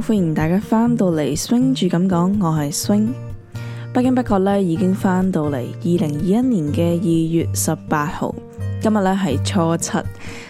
歡迎大家返到嚟，swing 住咁講，我係 swing。不經不覺咧，已經返到嚟二零二一年嘅二月十八號，今日咧係初七，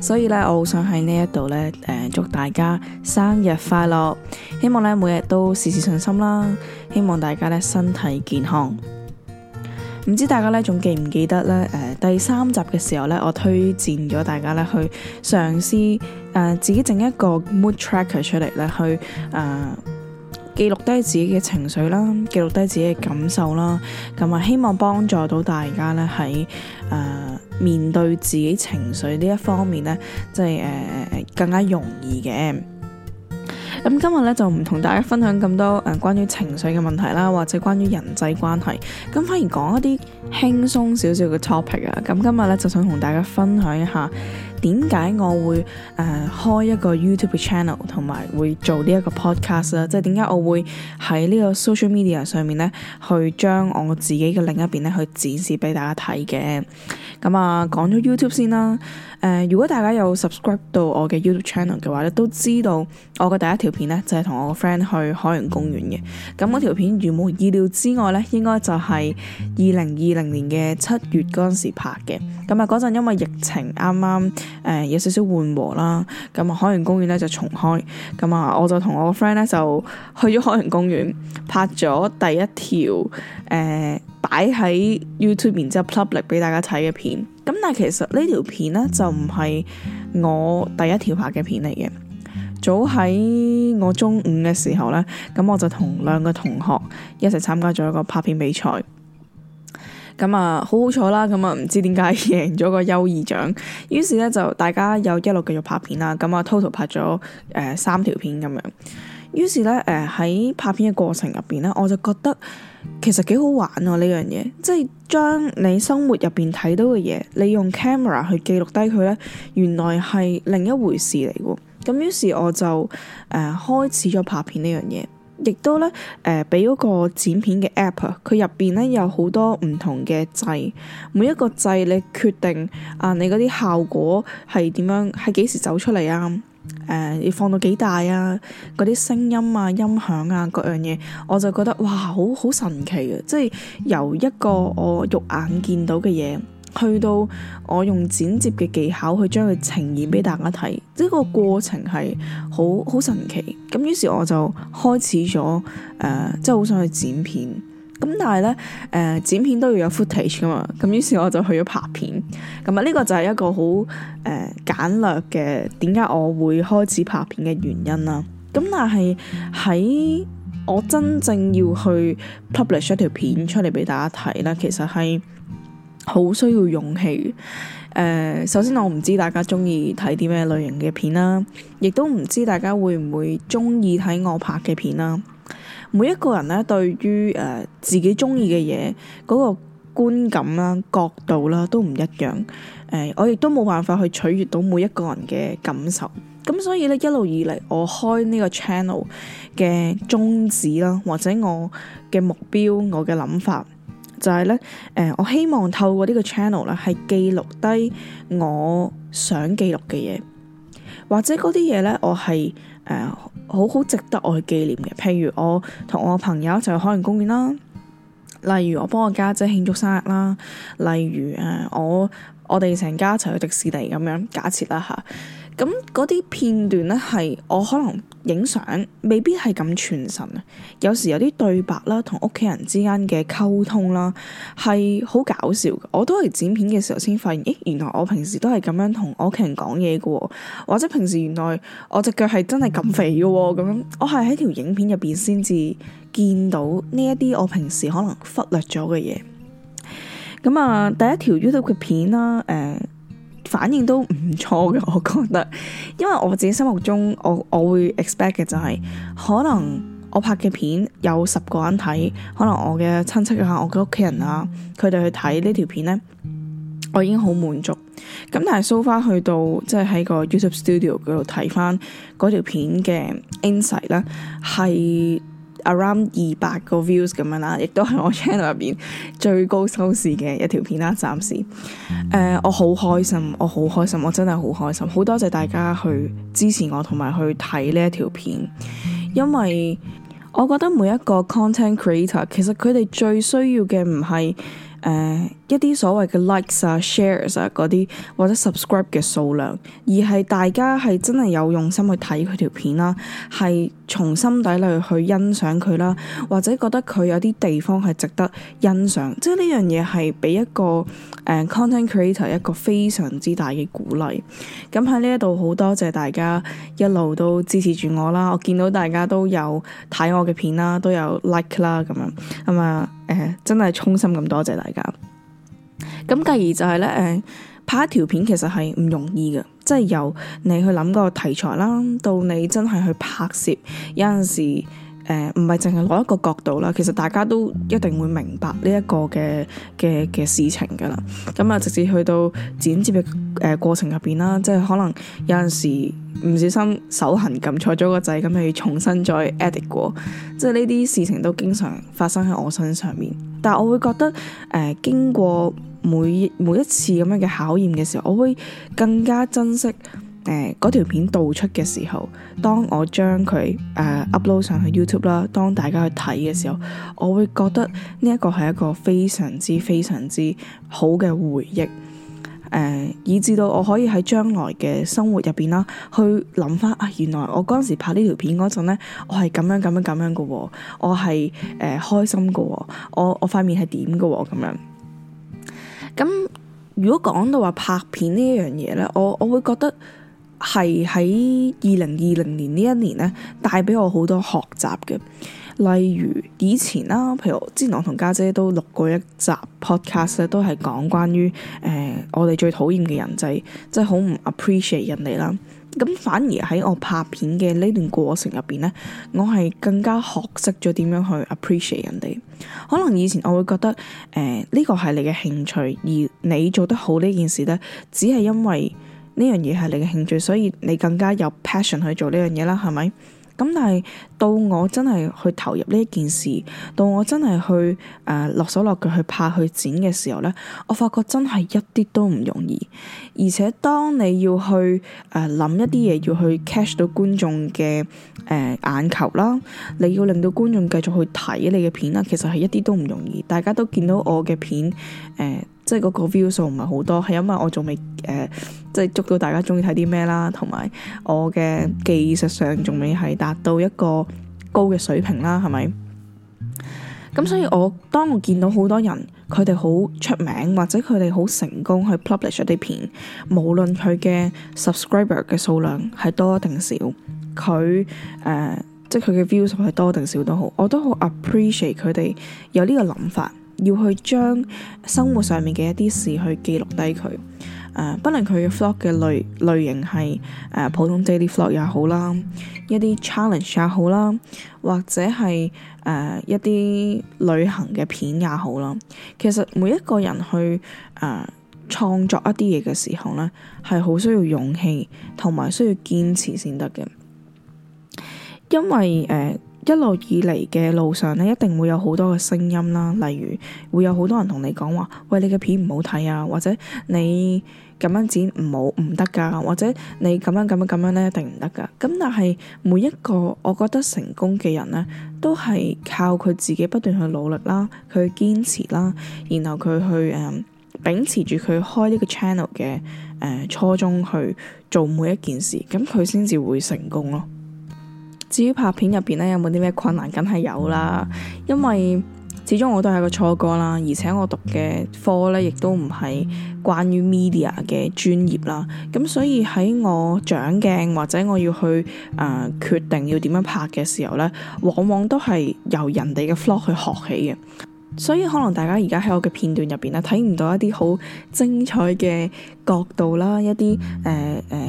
所以咧我好想喺呢一度咧誒祝大家生日快樂，希望咧每日都事事順心啦，希望大家咧身體健康。唔知大家咧，仲記唔記得咧？誒、呃，第三集嘅時候咧，我推薦咗大家咧去嘗試誒、呃、自己整一個 mood tracker 出嚟咧，去誒記錄低自己嘅情緒啦，記錄低自己嘅感受啦，咁啊，希望幫助到大家咧喺誒面對自己情緒呢一方面咧，即係誒更加容易嘅。咁、嗯、今日咧就唔同大家分享咁多誒、呃、關於情緒嘅問題啦，或者關於人際關係，咁、嗯、反而講一啲輕鬆少少嘅 topic 啊。咁、嗯、今日咧就想同大家分享一下，點解我會誒、呃、開一個 YouTube channel，同埋會做呢一個 podcast 啊，即係點解我會喺呢個 social media 上面咧去將我自己嘅另一邊咧去展示俾大家睇嘅。咁啊，講咗 YouTube 先啦。誒、呃，如果大家有 subscribe 到我嘅 YouTube channel 嘅話咧，都知道我嘅第一條片咧就係、是、同我個 friend 去海洋公園嘅。咁嗰條片如冇意料之外咧，應該就係二零二零年嘅七月嗰陣時拍嘅。咁啊嗰陣因為疫情啱啱誒有少少緩和啦，咁啊海洋公園咧就重開。咁啊我就同我個 friend 咧就去咗海洋公園拍咗第一條誒、呃擺喺 YouTube 然之後 public 俾大家睇嘅片，咁但係其實呢條片呢，就唔係我第一條拍嘅片嚟嘅。早喺我中五嘅時候呢，咁我就同兩個同學一齊參加咗一個拍片比賽。咁啊，好好彩啦！咁啊，唔知點解贏咗個優異獎。於是呢，就大家又一路繼續拍片啦。咁啊，total 拍咗誒、呃、三條片咁樣。於是呢，誒、呃、喺拍片嘅過程入邊呢，我就覺得，其實幾好玩啊！呢樣嘢即係將你生活入邊睇到嘅嘢，你用 camera 去記錄低佢呢，原來係另一回事嚟嘅。咁於是我就誒、呃、開始咗拍片呢樣嘢，亦都呢，誒，俾嗰個剪片嘅 app，佢入邊呢有好多唔同嘅掣，每一個掣你決定啊你嗰啲效果係點樣，係幾時走出嚟啊？誒，要、呃、放到幾大啊？嗰啲聲音啊、音響啊，各樣嘢，我就覺得哇，好好神奇嘅、啊，即係由一個我肉眼見到嘅嘢，去到我用剪接嘅技巧去將佢呈現俾大家睇，呢個過程係好好神奇。咁於是我就開始咗誒、呃，即係好想去剪片。咁但係咧，誒、呃、剪片都要有 footage 噶嘛，咁於是我就去咗拍片，咁啊呢個就係一個好誒、呃、簡略嘅點解我會開始拍片嘅原因啦。咁但係喺我真正要去 publish 一條片出嚟俾大家睇咧，其實係好需要勇氣嘅。呃，首先我唔知大家中意睇啲咩類型嘅片啦，亦都唔知大家會唔會中意睇我拍嘅片啦。每一個人咧，對於誒、呃、自己中意嘅嘢嗰個觀感啦、啊、角度啦、啊，都唔一樣。誒、呃，我亦都冇辦法去取悅到每一個人嘅感受。咁所以咧，一路以嚟我開呢個 channel 嘅宗旨啦，或者我嘅目標、我嘅諗法，就係咧誒，我希望透過呢個 channel 啦，係記錄低我想記錄嘅嘢，或者嗰啲嘢咧，我係誒。呃好好值得我去紀念嘅，譬如我同我朋友一齊去海洋公園啦，例如我幫我家姐慶祝生日啦，例如誒我我哋成家一齊去迪士尼咁樣，假設啦吓。咁嗰啲片段咧，係我可能影相未必係咁全神，有時有啲對白啦，同屋企人之間嘅溝通啦，係好搞笑。我都係剪片嘅時候先發現，咦、欸，原來我平時都係咁樣同我屋企人講嘢噶，或者平時原來我隻腳係真係咁肥噶，咁我係喺條影片入邊先至見到呢一啲我平時可能忽略咗嘅嘢。咁啊，第一條 YouTube 片啦，誒、呃。反應都唔錯嘅，我覺得， 因為我自己心目中，我我會 expect 嘅就係、是，可能我拍嘅片有十個人睇，可能我嘅親戚啊，我嘅屋企人啊，佢哋去睇呢條片呢，我已經好滿足。咁但係 so far 去到，即係喺個 YouTube Studio 嗰度睇翻嗰條片嘅 insight 啦，係。around 二百個 views 咁樣啦，亦都係我 channel 入邊最高收視嘅一條片啦。暫時，誒、uh, 我好開心，我好開心，我真係好開心。好多謝大家去支持我同埋去睇呢一條片，因為我覺得每一個 content creator 其實佢哋最需要嘅唔係誒。Uh, 一啲所謂嘅 likes 啊、shares 啊嗰啲，或者 subscribe 嘅數量，而係大家係真係有用心去睇佢條片啦、啊，係從心底裏去欣賞佢啦、啊，或者覺得佢有啲地方係值得欣賞，即係呢樣嘢係俾一個誒、uh, content creator 一個非常之大嘅鼓勵。咁喺呢一度好多謝大家一路都支持住我啦。我見到大家都有睇我嘅片啦，都有 like 啦，咁樣咁啊誒，真係衷心咁多謝大家。咁，繼而就係咧，誒拍一條片其實係唔容易嘅，即係由你去諗個題材啦，到你真係去拍攝有陣時，誒唔係淨係攞一個角度啦。其實大家都一定會明白呢一個嘅嘅嘅事情噶啦。咁、嗯、啊，直至去到剪接嘅誒、呃、過程入邊啦，即係可能有陣時唔小心手痕撳錯咗個掣，咁要重新再 edit 過，即係呢啲事情都經常發生喺我身上面。但係我會覺得，誒、呃、經過。每每一次咁樣嘅考驗嘅時候，我會更加珍惜誒嗰條片導出嘅時候。當我將佢誒 upload 上去 YouTube 啦，當大家去睇嘅時候，我會覺得呢一個係一個非常之非常之好嘅回憶。誒、呃，以至到我可以喺將來嘅生活入邊啦，去諗翻啊，原來我嗰陣時拍呢條片嗰陣咧，我係咁樣咁樣咁樣嘅，我係誒、呃、開心嘅，我我塊面係點嘅咁樣。咁如果講到話拍片呢樣嘢咧，我我會覺得係喺二零二零年呢一年咧，帶畀我好多學習嘅。例如以前啦，譬如之前我同家姐，姐都錄過一集 podcast 咧，都係講關於誒、呃、我哋最討厭嘅人就係、是、即係好唔 appreciate 人哋啦。咁反而喺我拍片嘅呢段過程入邊呢，我係更加學識咗點樣去 appreciate 人哋。可能以前我會覺得，誒，呢個係你嘅興趣，而你做得好呢件事呢，只係因為呢樣嘢係你嘅興趣，所以你更加有 passion 去做呢樣嘢啦，係咪？咁但係到我真係去投入呢一件事，到我真係去誒落、呃、手落腳去拍去剪嘅時候咧，我發覺真係一啲都唔容易。而且當你要去誒諗、呃、一啲嘢，要去 catch 到觀眾嘅誒眼球啦，你要令到觀眾繼續去睇你嘅片啦，其實係一啲都唔容易。大家都見到我嘅片誒。呃即係嗰個 view 數唔係好多，係因為我仲未誒，即係捉到大家中意睇啲咩啦，同埋我嘅技術上仲未係達到一個高嘅水平啦，係咪？咁所以我當我見到好多人，佢哋好出名或者佢哋好成功去 publish 一啲片，無論佢嘅 subscriber 嘅數量係多定少，佢誒、呃、即係佢嘅 view 數係多定少都好，我都好 appreciate 佢哋有呢個諗法。要去將生活上面嘅一啲事去記錄低佢，誒、呃，不論佢嘅 vlog 嘅類類型係誒、呃、普通 daily vlog 也好啦，一啲 challenge 也好啦，或者係誒、呃、一啲旅行嘅片也好啦。其實每一個人去誒、呃、創作一啲嘢嘅時候咧，係好需要勇氣同埋需要堅持先得嘅，因為誒、呃一路以嚟嘅路上咧，一定會有好多嘅聲音啦，例如會有好多人同你講話，喂，你嘅片唔好睇啊，或者你咁樣剪唔好唔得噶，或者你咁樣咁樣咁樣咧，一定唔得噶。咁但係每一個我覺得成功嘅人咧，都係靠佢自己不斷去努力啦，佢去堅持啦，然後佢去誒、呃、秉持住佢開呢個 channel 嘅誒初衷去做每一件事，咁佢先至會成功咯。至於拍片入邊咧，有冇啲咩困難？梗係有啦，因為始終我都係一個初哥啦，而且我讀嘅科咧，亦都唔係關於 media 嘅專業啦。咁所以喺我掌鏡或者我要去誒、呃、決定要點樣拍嘅時候咧，往往都係由人哋嘅 flow 去學起嘅。所以可能大家而家喺我嘅片段入邊咧，睇唔到一啲好精彩嘅角度啦，一啲誒誒啲。呃呃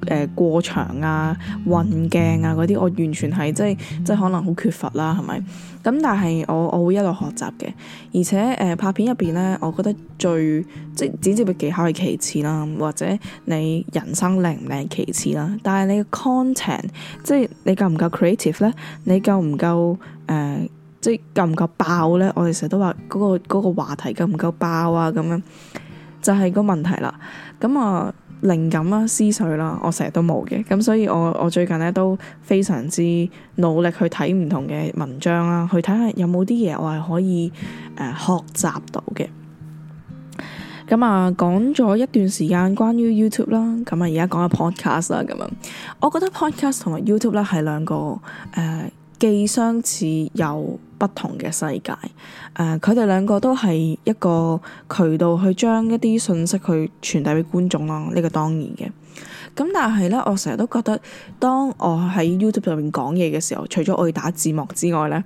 誒、呃、過場啊、運鏡啊嗰啲，我完全係即係即係可能好缺乏啦，係咪？咁但係我我會一路學習嘅，而且誒、呃、拍片入邊咧，我覺得最即係剪接嘅技巧係其次啦，或者你人生靚唔靚其次啦，但係你嘅 content 即係你夠唔夠 creative 咧？你夠唔夠誒、呃？即係夠唔夠爆咧？我哋成日都話嗰、那個嗰、那個話題夠唔夠爆啊？咁樣就係、是、個問題啦。咁啊～、呃靈感啦、思緒啦，我成日都冇嘅，咁所以我我最近咧都非常之努力去睇唔同嘅文章啦，去睇下有冇啲嘢我係可以誒、呃、學習到嘅。咁啊，講咗一段時間關於 YouTube 啦，咁啊而家講下 Podcast 啦，咁樣，我覺得 Podcast 同埋 YouTube 咧係兩個誒、呃既相似又不同嘅世界，呃、佢哋兩個都係一個渠道去將一啲信息去傳遞俾觀眾咯。呢個當然嘅，咁但係呢，我成日都覺得，當我喺 YouTube 上面講嘢嘅時候，除咗我要打字幕之外呢，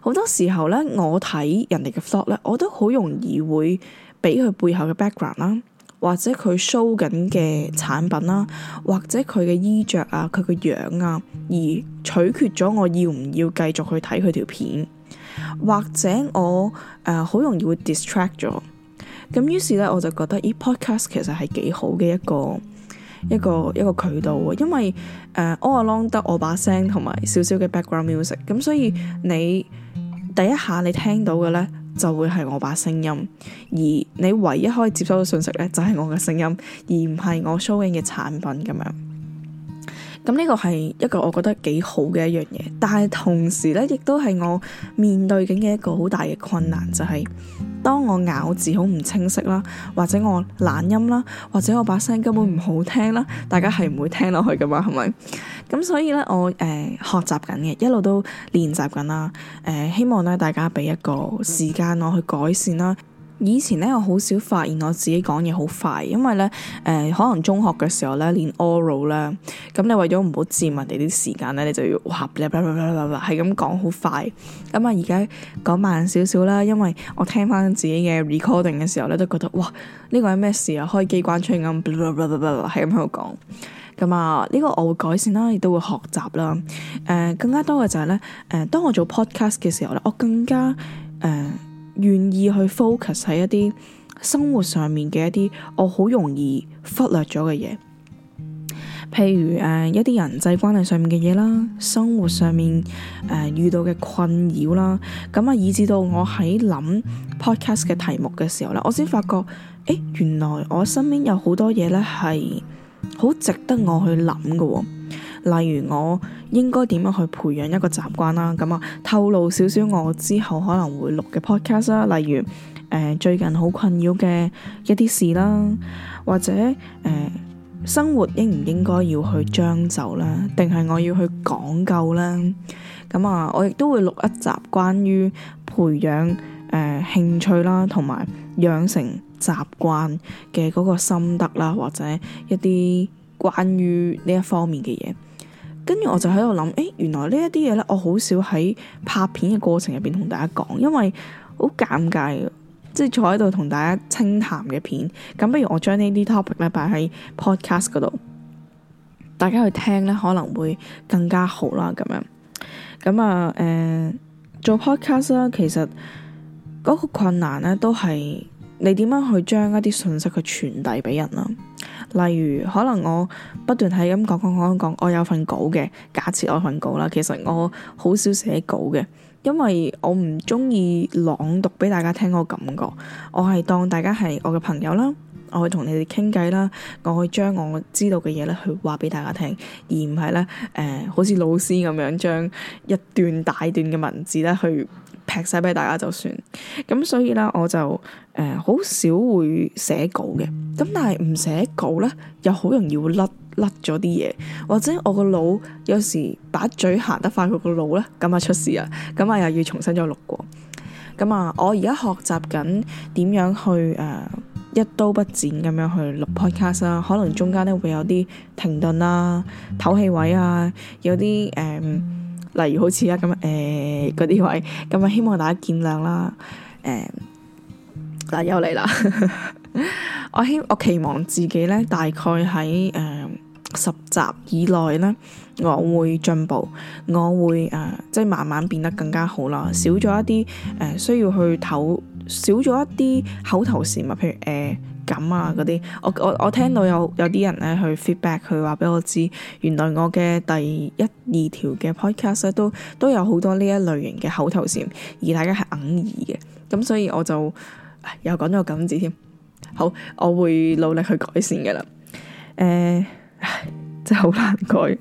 好多時候呢，我睇人哋嘅 Vlog 咧，我都好容易會俾佢背後嘅 background 啦。或者佢 show 緊嘅產品啦，或者佢嘅衣着啊，佢嘅樣啊，而取決咗我要唔要繼續去睇佢條片，或者我誒好、呃、容易會 distract 咗。咁於是咧，我就覺得依 podcast 其實係幾好嘅一個一個一個渠道喎，因為誒 all along 得我把聲同埋少少嘅 background music，咁所以你第一下你聽到嘅咧。就會係我把聲音，而你唯一可以接收嘅信息咧，就係我嘅聲音，而唔係我 showing 嘅產品咁樣。咁呢個係一個我覺得幾好嘅一樣嘢，但係同時咧，亦都係我面對緊嘅一個好大嘅困難，就係、是、當我咬字好唔清晰啦，或者我懶音啦，或者我把聲根本唔好聽啦，大家係唔會聽落去噶嘛，係咪？咁所以咧，我誒、呃、學習緊嘅，一路都練習緊啦，誒、呃、希望咧大家俾一個時間我去改善啦。以前咧，我好少發現我自己講嘢好快，因為咧，誒、呃，可能中學嘅時候咧練 oral 啦，咁你為咗唔好佔人哋啲時間咧，你就要哇，你係咁講好快，咁啊而家講慢少少啦，因為我聽翻自己嘅 recording 嘅時候咧，都覺得哇，呢、ah，個係咩事啊？開機關槍咁、LIKE，係咁喺度講，咁啊呢個我會改善啦，亦都會學習啦，誒、呃、更加多嘅就係、是、咧，誒、呃、當我做 podcast 嘅時候咧，我更加誒、呃願意去 focus 喺一啲生活上面嘅一啲我好容易忽略咗嘅嘢，譬如誒、呃、一啲人際關係上面嘅嘢啦，生活上面誒、呃、遇到嘅困擾啦，咁、嗯、啊以至到我喺諗 podcast 嘅題目嘅時候咧，我先發覺，誒原來我身邊有好多嘢咧係好值得我去諗嘅喎。例如我應該點樣去培養一個習慣啦？咁啊，透露少少我之後可能會錄嘅 podcast 啦。例如誒、呃、最近好困擾嘅一啲事啦，或者誒、呃、生活應唔應該要去將就啦，定係我要去講究啦。咁啊，我亦都會錄一集關於培養誒、呃、興趣啦，同埋養成習慣嘅嗰個心得啦，或者一啲關於呢一方面嘅嘢。跟住我就喺度諗，誒、欸，原來呢一啲嘢咧，我好少喺拍片嘅過程入邊同大家講，因為好尷尬嘅，即係坐喺度同大家清談嘅片。咁不如我將呢啲 topic 咧擺喺 podcast 嗰度，大家去聽咧可能會更加好啦。咁樣，咁啊，誒、呃，做 podcast 啦，其實嗰個困難咧都係。你點樣去將一啲信息去傳遞畀人啦？例如，可能我不斷係咁講講講講，我有份稿嘅，假設我份稿啦，其實我好少寫稿嘅，因為我唔中意朗讀俾大家聽個感覺，我係當大家係我嘅朋友啦，我可以同你哋傾偈啦，我可以將我知道嘅嘢咧去話俾大家聽，而唔係咧誒，好似老師咁樣將一段大段嘅文字咧去劈晒俾大家就算，咁所以咧我就誒好、呃、少會寫稿嘅，咁但係唔寫稿咧，又好容易會甩甩咗啲嘢，或者我個腦有時把嘴行得快過個腦咧，咁啊出事啊，咁啊又要重新再錄過，咁啊我而家學習緊點樣去誒、呃、一刀不剪咁樣去錄 podcast 啦，可能中間咧會有啲停頓啦、啊、唞氣位啊，有啲誒。呃例如好似啊、咁啊、嗰啲位，咁啊，希望大家見諒啦。誒、嗱、欸、又嚟啦。我希，我期望自己咧，大概喺誒、十集以內咧，我會進步，我會誒、呃、即係慢慢變得更加好啦，少咗一啲誒、呃、需要去唞，少咗一啲口頭禪，譬如誒。欸咁啊嗰啲，我我我聽到有有啲人咧去 feedback，佢話俾我知，原來我嘅第一二條嘅 podcast，啊、都都有好多呢一類型嘅口頭禪，而大家係硬耳嘅，咁所以我就又講咗個咁字添。好，我會努力去改善㗎啦。誒、呃，真係好難改。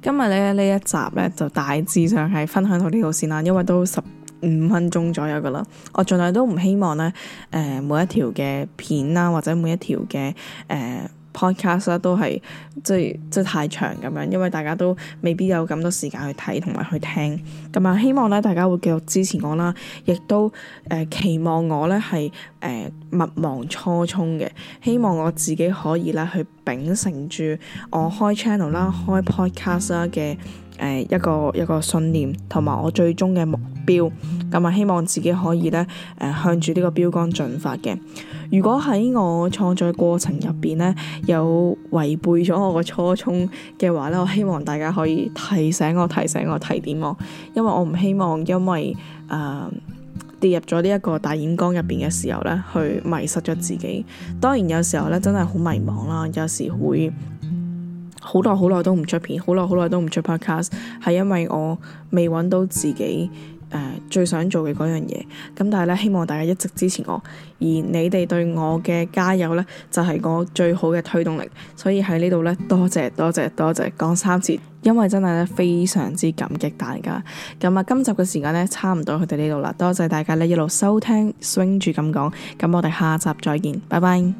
今日咧呢一集咧就大致上係分享到呢度先啦，因為都十。五分鐘左右噶啦，我盡量都唔希望咧。誒、呃，每一條嘅片啦，啊，或者每一條嘅誒 podcast，啊，都係即係即係太長咁樣，因為大家都未必有咁多時間去睇同埋去聽。咁啊，希望咧大家會繼續支持我啦，亦都誒，呃，期望我咧係誒勿忘初衷嘅。希望我自己可以咧去秉承住我開 channel 啦、開 podcast 啦嘅誒，呃，一個一個信念，同埋我最終嘅目。標咁啊，希望自己可以咧，誒、呃，向住呢個標杆進發嘅。如果喺我創作過程入邊咧，有違背咗我個初衷嘅話咧，我希望大家可以提醒我、提醒我、提點我、我，因為我唔希望因為誒、呃，跌入咗呢一個大染缸入邊嘅時候咧，去迷失咗自己。當然有時候咧，真係好迷茫啦，有時會好耐好耐都唔出片，好耐好耐都唔出 podcast，係因為我未揾到自己。呃、最想做嘅嗰樣嘢，咁但係呢，希望大家一直支持我，而你哋對我嘅加油呢，就係、是、我最好嘅推動力，所以喺呢度呢，多謝多謝多謝，講三次，因為真係呢非常之感激大家。咁啊，今集嘅時間呢，差唔多，去到呢度啦，多謝大家呢，一路收聽 swing 住咁講，咁我哋下集再見，拜拜。